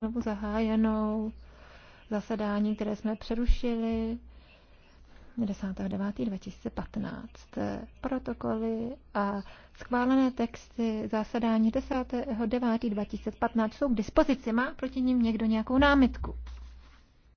znovu zahájenou zasedání, které jsme přerušili 10.9.2015. Protokoly a schválené texty zasedání 10.9.2015 jsou k dispozici. Má proti ním někdo nějakou námitku?